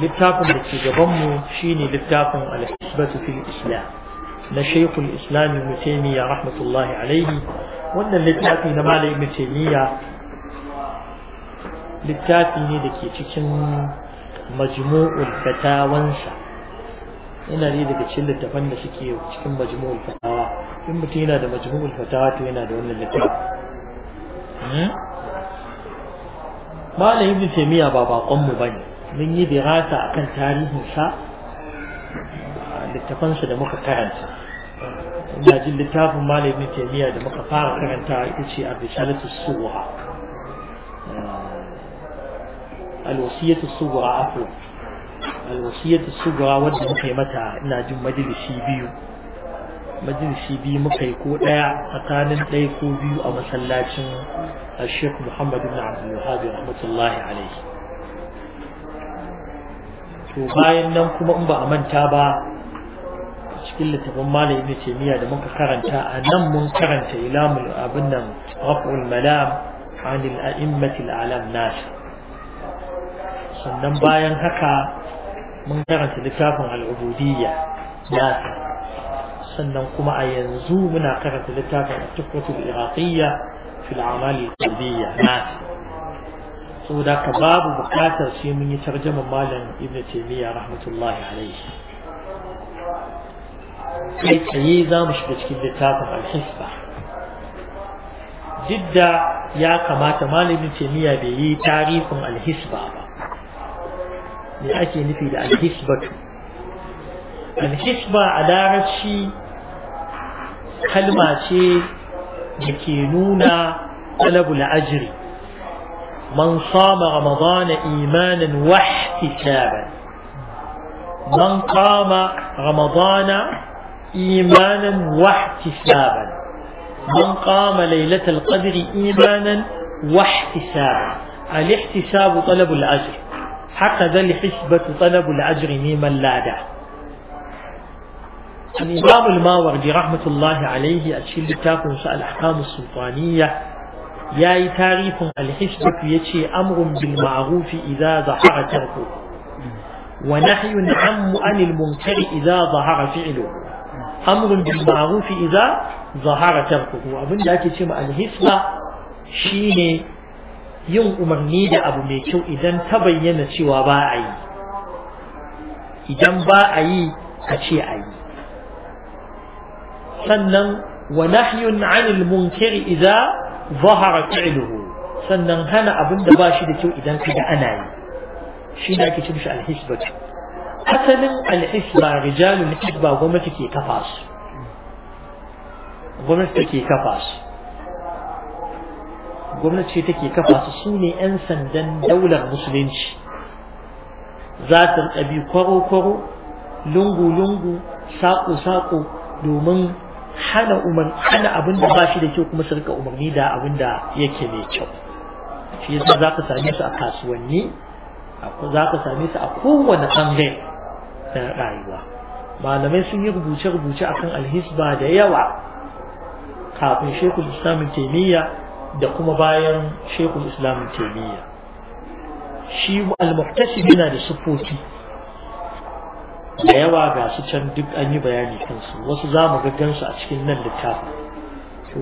littafin da ke gabanmu shine littafin al-hisbatu fil islam na shaykhul islam ibn taymiya rahmatullahi alaihi wannan littafi na malam ibn taymiya littafi ne da ke cikin majmu'ul fatawansa yana ne daga cikin littafan da suke cikin majmu'ul fatawa in mutum yana da majmu'ul fatawa to yana da wannan littafi malam ibn taymiya ba baƙonmu bane mun yi dirasa akan tarihinsa littafansa da muka karanta ina jin littafin malamin taimiyya da muka fara karanta ita ce a bisalatu suwa alwasiyatu suwa afro alwasiyatu suwa wadda muka yi mata ina jin majalisi biyu majalisi biyu muka yi ko ɗaya tsakanin ɗaya ko biyu a masallacin الشيخ محمد بن عبد الوهاب رحمة الله عليه to bayan nan kuma in ba a manta ba cikin littafin malam ibn taymiya da muka karanta a nan mun karanta ilamul abin nan raf'ul malam an al a'immatil alam nas sannan bayan haka mun karanta littafin al-ubudiyya nas sannan kuma a yanzu muna karanta littafin at-tufatul iraqiyya fil a'mal al-qalbiyya nas saboda ka babu bukatar sai mun yi tarjaman malam ibn taymiya rahmatullahi alaihi kai tsaye za mu shiga cikin littafin alhisba duk da ya kamata malam ibn taymiya bai yi tarihin alhisba ba me ake nufi da alhisbatu alhisba a larabci kalma ce da ke nuna talabul ajri من صام رمضان إيمانا واحتسابا من قام رمضان إيمانا واحتسابا من قام ليلة القدر إيمانا واحتسابا الاحتساب طلب الأجر هكذا الحسبة طلب الأجر ممن لا دعه الإمام الماوردي رحمة الله عليه أشيل كتاب الأحكام السلطانية ya yi tarihin alhishbatu ya ce amrun bil ma'rufi idza zahara tarko. wa nahyun an anil munkari idza zahara fi'lu amrun bil ma'rufi idza zahara tarko. abin da ake ce ma shi ne yin umarni da abu mai kyau idan ta bayyana cewa ba a yi idan ba a yi a ce a yi sannan wa nahyun anil munkari idza ظهر فعله sannan hana abin da ba shi da kyau idan ka da ana yi shi ne ake cin shi alhisba asalin alhisba rijalun hisba gwamnati ke kafa su gwamnati take kafa su gwamnati take kafa su su ne 'yan sandan daular musulunci za ta bi kwaro-kwaro lungu-lungu saƙo-saƙo domin hana umar hana abin da ba shi da kyau kuma su rika umarni da abin da yake mai kyau shi yasa za ka same su a kasuwanni za ka same su a kowane ɓangare na rayuwa malamai sun yi rubuce-rubuce akan alhisba da yawa kafin shekul islamin taimiyya da kuma bayan shekul islamin taimiyya shi al-muhtasibi yana da sufofi da yawa ga su can duk an yi bayani kansu wasu za mu gansu a cikin nan littafin to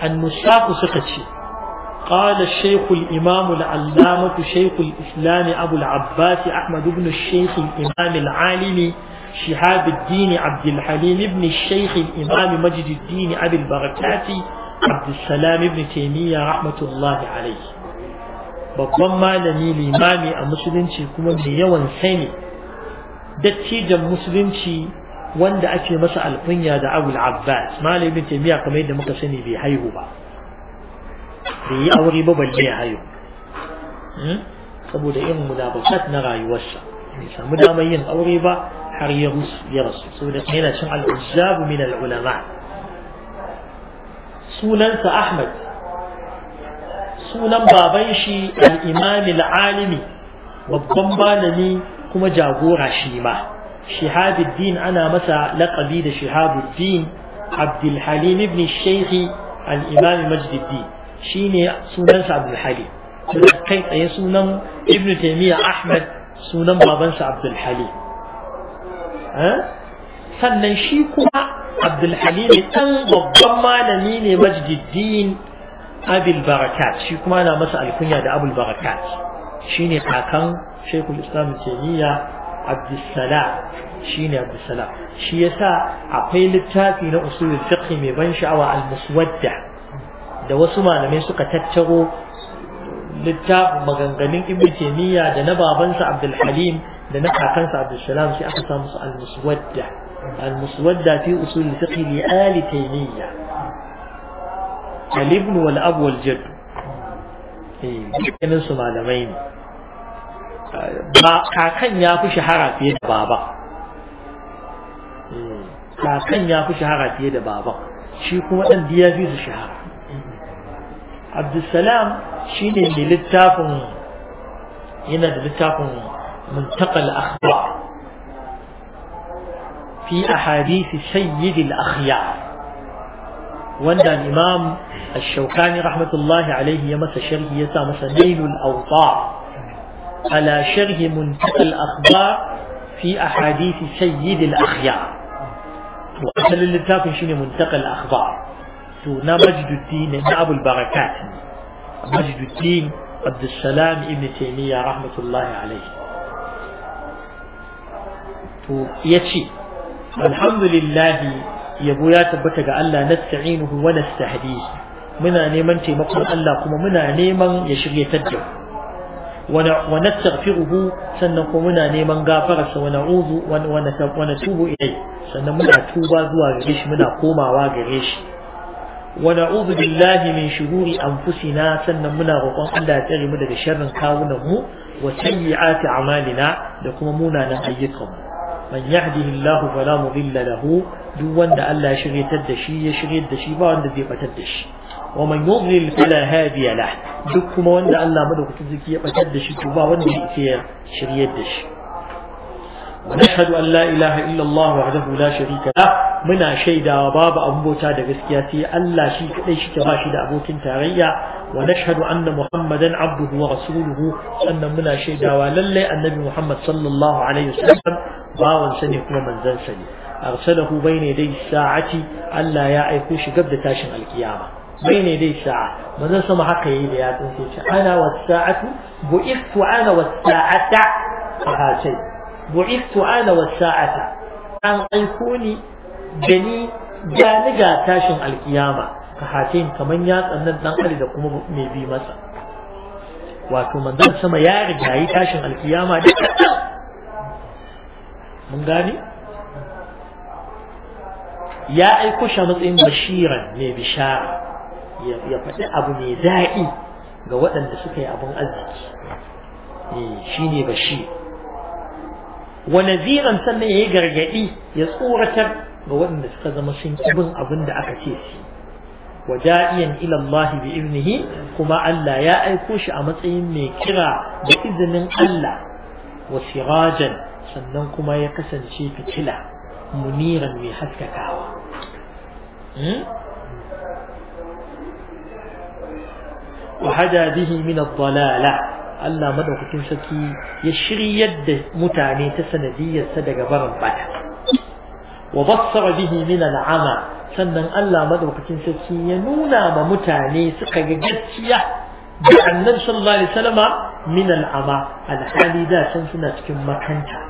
annusaku suka ce قال الشيخ الإمام العلامة شيخ الإسلام أبو العباس أحمد بن الشيخ الإمام العالم شهاب الدين عبد الحليم بن الشيخ الإمام مجد الدين أبي البركات عبد السلام بن تيمية رحمة الله عليه babban malami limami a musulunci kuma mai yawan sani dattijan musulunci wanda ake masa alƙunya da Abu al abbas malamin taimiyya kamar yadda muka sani bai haihu ba bai yi aure ba balle ya haihu saboda irin munafikat na rayuwarsa bai samu damar yin aure ba har ya rusu ya rasu saboda yana cin al al'ujabu min al al'ulama sunansa ahmad sunan baban shi al-alimi babban malami kuma jagora shi ma shihabuddin ana masa laƙabi da shihabuddin abdulhalim ibn shaikhi al'imami majdiddin shi ne sunansa abdulhalim kai tsaye sunan ibn taimiyya ahmad sunan babansa abdulhalim eh? sannan shi kuma abdulhalim ɗan babban malami ne majdiddin abul barakat shi kuma na masa alkunya da abul barakat shi ne kakan shaykhul islam taymiya abdussalam shine abdussalam shi yasa akwai littafi na usulul fiqh mai ban sha'awa al-muswadda da wasu malamai suka tattaro littafin maganganun ibn taymiya da na babansa abdul halim da na kakansa abdul salam sai aka samu su al-muswadda al-muswadda fi usul fiqh li ali taymiya al-ibn wal ab wal jadd eh su malamai ne ba kakan ya fi shahara fiye da baba kakan ya fi shahara fiye da baban shi kuma ɗan biya fi su shahara abdulsalam shi ne mai littafin yana da littafin muntakal akhbar fi ahadisi sayyidil akhyar wanda imam ash-shawkani rahmatullahi alaihi ya masa sharhi ya sa masa nailul awtar على شرح منتقى الأخبار في أحاديث سيد الأخيار اللي اللتاف شنو منتقى الأخبار سونا مجد الدين أبو البركات مجد الدين عبد السلام ابن تيمية رحمة الله عليه يتشي الحمد لله يا ya tabbata ألا نستعينه ونستهديه منا نيمان تيمقر neman taimakon منا نيمان muna تدعو wa uhu sannan kuma muna neman gafararsa wa na'udhu wa natubu ilayhi sannan muna tuba zuwa gare shi muna komawa gare shi wa na'udhu billahi min shururi anfusina sannan muna roƙon Allah ya tsare mu daga sharrin kawunan mu wa sayyi'ati a'malina da kuma munanan ayyukanmu man yahdihillahu fala mudilla lahu duk wanda Allah ya shiryatar da ya shiryar da shi ba wanda zai batar da shi ومن يضلل فلا هادي له duk kuma wanda Allah madaukakin zaki ya batar da shi to ba wanda yake ya shiryar da shi ونشهد أن لا إله إلا الله وحده لا شريك له منا شيدا باب أبو بوتا دا غسكياتي ألا شي كدي شي كباشي دا أبو تنتاريا ونشهد أن محمدا عبده ورسوله أن منا شيدا وللي النبي محمد صلى الله عليه وسلم باون سني كما من زن سني أرسله بين يدي الساعة ألا يا أيكوش قبل تاشن القيامة baine ne dai sa'a manzon sama haka yi da ya tsince shi ana wasa'atu bu'ithu ana wasa'ata a ce bu'ithu ana sa'ata an aiko ni da ni ga ni ga tashin alkiyama ka hatin kaman ya tsannan dan ali da kuma mai bi masa wato manzon sama ya riga yi tashin alkiyama da mun gani? ya aiko shi matsayin bashiran mai bishara ya faɗi abu mai daɗi ga waɗanda suka yi abin arziki eh, shi ne bashi Wani naziran sannan ya yi gargaɗi ya tsoratar ga waɗanda suka zama sun bin abin da aka ce su wa da'iyan ila Allah bi iznihi kuma Allah ya aiko shi a matsayin mai kira da izinin Allah wa sirajan sannan kuma ya kasance fitila muniran mai haskakawa hmm? به من الضلالة ألا من وكتنسك يشري يد متعني تسندية سدق برنبع وبصر به من العمى سنن ألا من وكتنسك ينونا ممتعني سقق جتية دعا النبي صلى الله عليه وسلم من العمى الحالي دا سنسنا تكون مكانتا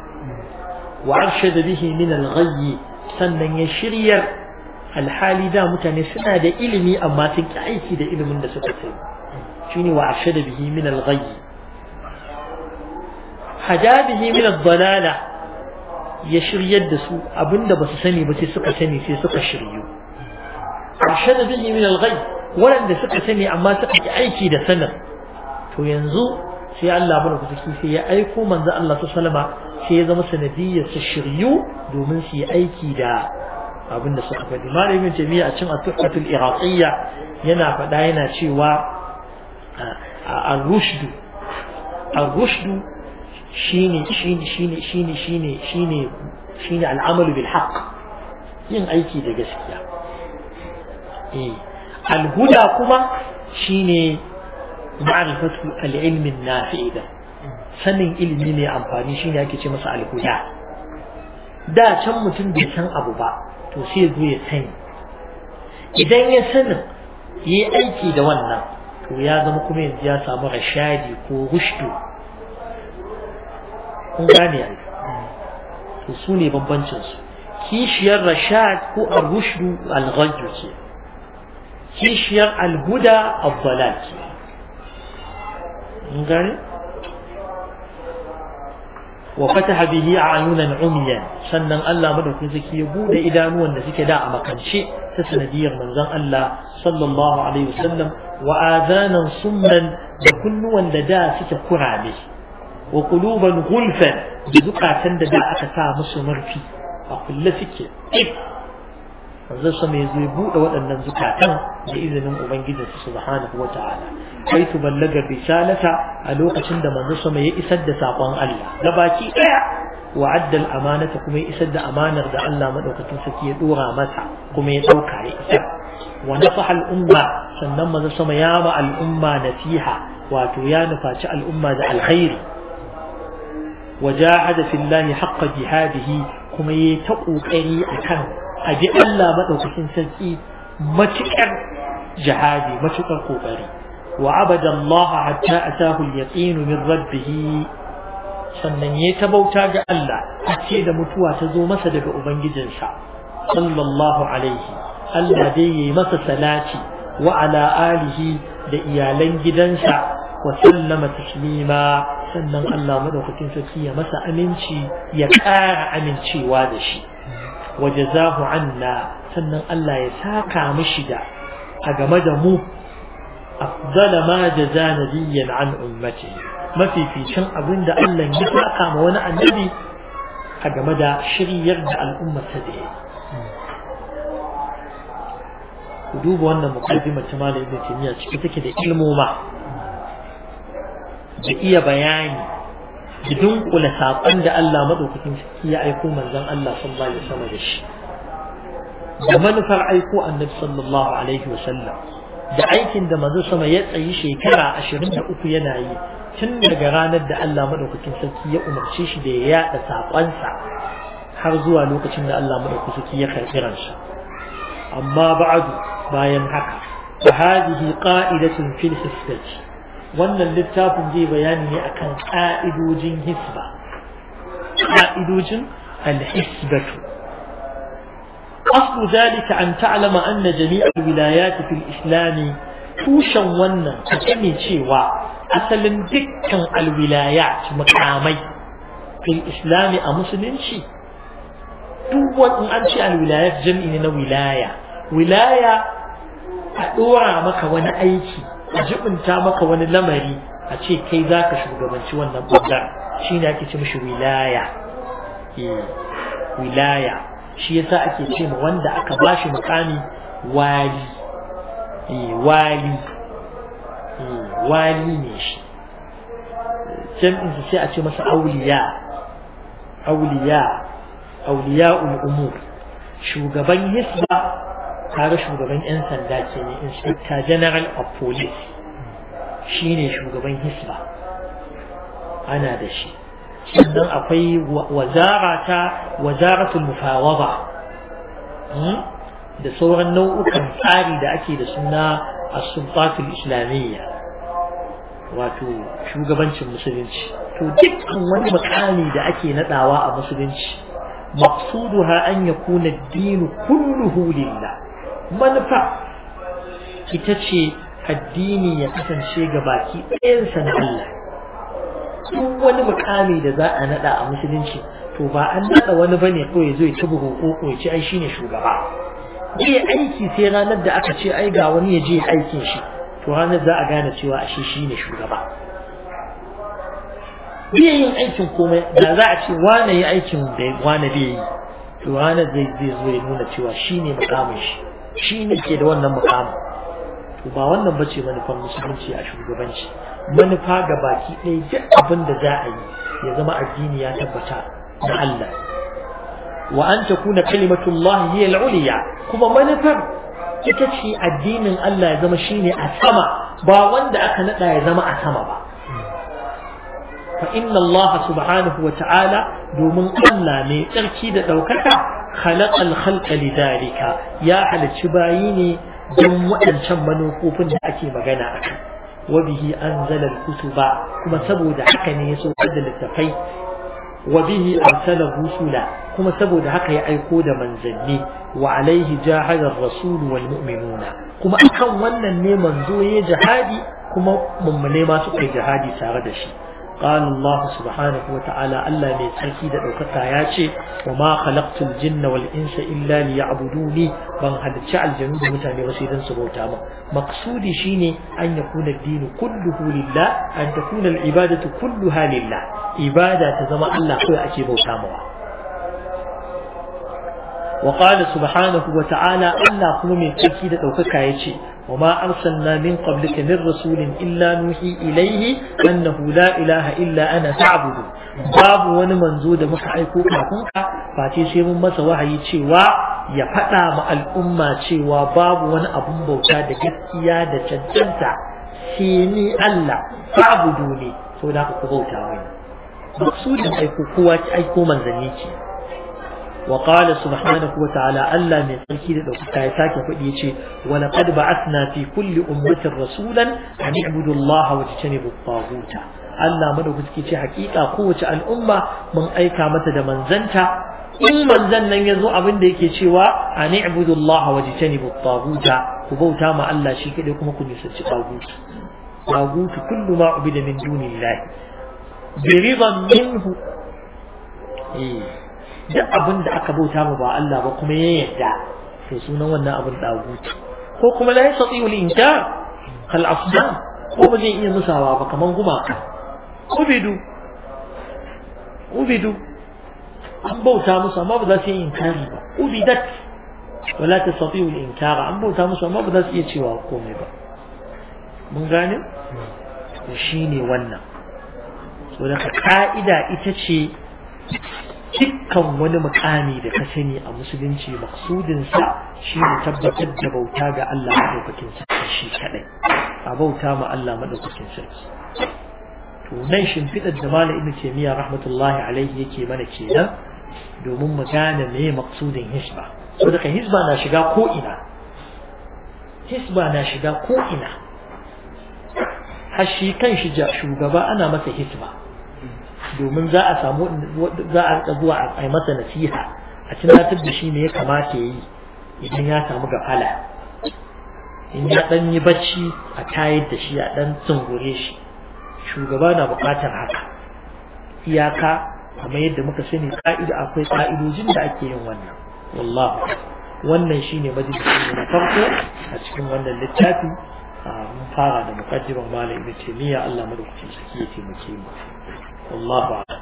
وأرشد به من الغي سنن يشرير الحالي دا متعني سنة دا إلمي أما تكعيكي دا إلمي دا سكتين شنو وأرشد به من الغي هدا به من الضلالة يشري يدسو أبن دبس سني بس سقى سني سي سقى شريو أرشد به من الغي ولن دسقى سني أما سقى أيكي دسنة تو ينزو sai Allah mana kusurki sai ya aiko manzo Allah su salama sai ya zama sanadiyyar su shiryu domin su yi aiki da abin da suka faɗi malamin jami'a a cin at-tuhfatul iraqiyya yana faɗa yana cewa al-rushdu al-rushdu shine shine shine shine shine shine shine al bil haqq yin aiki da gaskiya eh al-huda kuma shine ma'rifatu al-ilm an-nafi' sanin ilimi ne amfani shine ake ce masa al-huda da can mutum bai san abu ba to sai zo ya sani idan ya sanin yi aiki da wannan to ya zama kuma yanzu ya samu rashadi ko rushdu kun gane ai to su ne bambancin su kishiyar rashad ko ar-rushdu al-ghayyu ce kishiyar al-huda ad-dalal ce kun gane وفتح به عيونا عميا سنن الله مدوكي زكي يبود إدانوان نسيك داء مقنشي تسندير من ذن الله صلى الله عليه وسلم وآذانا صما لكنوا لدا سيك قرامي وقلوبا غلفا بذقا تندى أكتا مصر مرفي أقول لسيك إيه zai sa mai zai ya buɗe waɗannan zukatan da izinin ubangiji subhanahu wa ta'ala kai tu ballaga bisalata a lokacin da manzo sama ya isar da sakon Allah da baki ɗaya wa addal amanata kuma ya isar da amanar da Allah madaukakin saki ya dora masa kuma ya dauka ya isar wa nafaha al-umma sannan manzo sama ya ma al-umma nasiha wato ya nufaci al-umma da alkhairi وجاهد في الله حق جهاده كما يتقو قري أكان a ji Allah maɗaukakin sarki matuƙar jihadi matuƙar ƙoƙari. wa abada hatta atahu al-yaqin min rabbih sannan yayi ta bauta ga Allah ce da mutuwa ta zo masa daga ubangijinsa sallallahu alaihi Allah dai yayi masa salati wa ala alihi da iyalan gidansa wa sallama taslima sannan Allah madaukakin sarki ya masa aminci ya ƙara amincewa da shi za ku anna sannan Allah ya saka mashi da a game da mu afdala ma jaza nabiyyan an ummati mafificin abin da Allah ya saka ma wani annabi a game da shiryar da al'ummarsa da ya ku duba wannan mukaddima ta malam ibn taymiya take da ilmoma da iya bayani ki dunkula saƙon da Allah maɗaukakin sarki ya aiko manzon Allah sallallahu alaihi wasallam da shi da manufar aiko annabi sallallahu alaihi wasallam da aikin da manzon sama ya tsayi shekara uku yana yi tun daga ranar da Allah maɗaukakin sarki ya umarce shi da ya yaɗa saƙonsa har zuwa lokacin da Allah maɗaukakin sarki ya karɓi ransa amma ba'adu bayan haka fa hadhihi qa'idatun fil hisbati wannan littafin zai bayani ne akan ƙa'idojin hisba ƙa'idojin alhisbatu aslu zalika an ta'lama anna jami'al wilayati fil islami tushen wannan ka sani cewa asalin dukkan alwilayat mukamai fil islami a musulunci duk wani an ce alwilayat jami'i ne na wilaya wilaya a ɗora maka wani aiki a jibinta maka wani lamari a ce kai za ka shugabanci wannan bangaren shi ne ake ce mishi wilaya eh, wilaya shi yasa ake ce ma wanda aka ba shi mukami wali eh, wali eh, wali ne shi Jam'insu sai a ce masa auliya auliya auliya umur shugaban hisba kare shugaban yan sanda ce ne inspector general of police shine shugaban hisba ana da shi sannan akwai wazara ta wazaratul mufawada da sauran nau'ukan tsari da ake da suna as islamiyya wato shugabancin musulunci to dukkan wani makami da ake nadawa a musulunci maqsuduha an yakuna ad-din kulluhu lillah manufa ita ce addini ya kasance ga baki ɗayansa na Allah duk wani mukami da za a naɗa a musulunci to ba an naɗa wani bane ko ya zo ya ci buhu ko ya ci ai shine shugaba zai aiki sai ranar da aka ce ai ga wani ya je aikin shi to ranar za a gane cewa a shi ne shugaba biye yin aikin komai da za a ce wane yi aikin da wane bai yi to ranar zai zo ya nuna cewa shi ne mukamin shi shi ne ke da wannan mukamin to ba wannan ba ce manufar musulunci a shugabanci manufa ga baki ɗaya duk abin da za a yi ya zama addini ya tabbata da Allah wa an takuna kalimatullahi hiya al-ulya kuma manufar ita ce addinin Allah ya zama shine a sama ba wanda aka nada ya zama a sama ba fa inna Allah subhanahu wa ta'ala domin Allah ne tsarki da daukaka خلق الخلق لذلك يا على تشبايني دم وأنشم منوقوف أكي مغانا أكي وبه أنزل الكتب كما سبود حكا نيسو قد للتفي وبه أرسل الرسل كما سبود حكا يأيقود منزلي وعليه جاهد الرسول والمؤمنون كما أكا ونن منزوه جهادي كما مملي ما سقي جهادي ساردشي قال الله سبحانه وتعالى ألا بيتحكيد أوكتا ياتي وما خلقت الجن والإنس إلا ليعبدوني بان هذا شاء الجنود متعني رسيدا سبوتاما مقصود شيني أن يكون الدين كله لله أن تكون العبادة كلها لله عبادة تزمى الله كل أجيب وتاموها وقال سبحانه وتعالى ألا قوم تكيد توقك يشي وما أرسلنا من قبلك من رسول إلا نوحي إليه أنه لا إله إلا أنا تعبد باب wani manzo da muka aiko kafin ka sai mun masa wahayi cewa ya faɗa ma al'umma cewa babu wani abun bauta da gaskiya da cancanta sai ni Allah babu ne so da ku bauta aiko kowa aiko wa qala subhanahu wa ta'ala Allah mai tsarki da dauka ya sake fadi yace wa laqad ba'athna fi kulli ummatin rasulan an ibudu Allah wa tajnibu Allah mada gaske ce kowace al'umma mun aika mata da manzanta in manzan nan yazo abin da yake cewa an ibudu Allah wa ku bauta ma Allah shi kadai kuma ku nisanci taghut taghut kullu ma ubida min dunillahi biridan minhu eh duk abin da aka bauta ma ba Allah ba kuma ya yarda to sunan wannan abin dagutu ko kuma la yastati'u al-inkar kal asnam ko ba zai iya musawa ba kaman gumaka ubidu ubidu an bauta musu amma ba za su yi inkari ba ubidat wala tastati'u al-inkar an bauta musu amma ba za su iya cewa komai ba mun gane to shine wannan so da ka'ida ita ce dukkan wani mukami da ka sani a musulunci maksudinsa shi ne tabbatar da bauta ga Allah maɗaukakin sarki shi kaɗai a bauta ma Allah maɗaukakin sarki to nan shimfiɗar da malam ibnu taymiya rahmatullahi alaihi yake mana kenan domin mu gane me maksudin hisba saboda hisba na shiga ko ina hisba na shiga ko ina har shi kan shi shugaba ana masa hisba domin za a samu za a rika zuwa a masa nasiha a tunatar da shi ne ya kamata ya yi idan ya samu gafala in ya dan yi bacci a tayar da shi a dan tsungure shi shugaba na bukatar haka iyaka kamar yadda muka sani ka'ida akwai ka'idojin da ake yin wannan wallahu wannan shine majalisin na farko a cikin wannan littafi ah, mun fara da muqaddimin malam ibn taymiya Allah madaukakin sarki ya taimake mu والله أعلم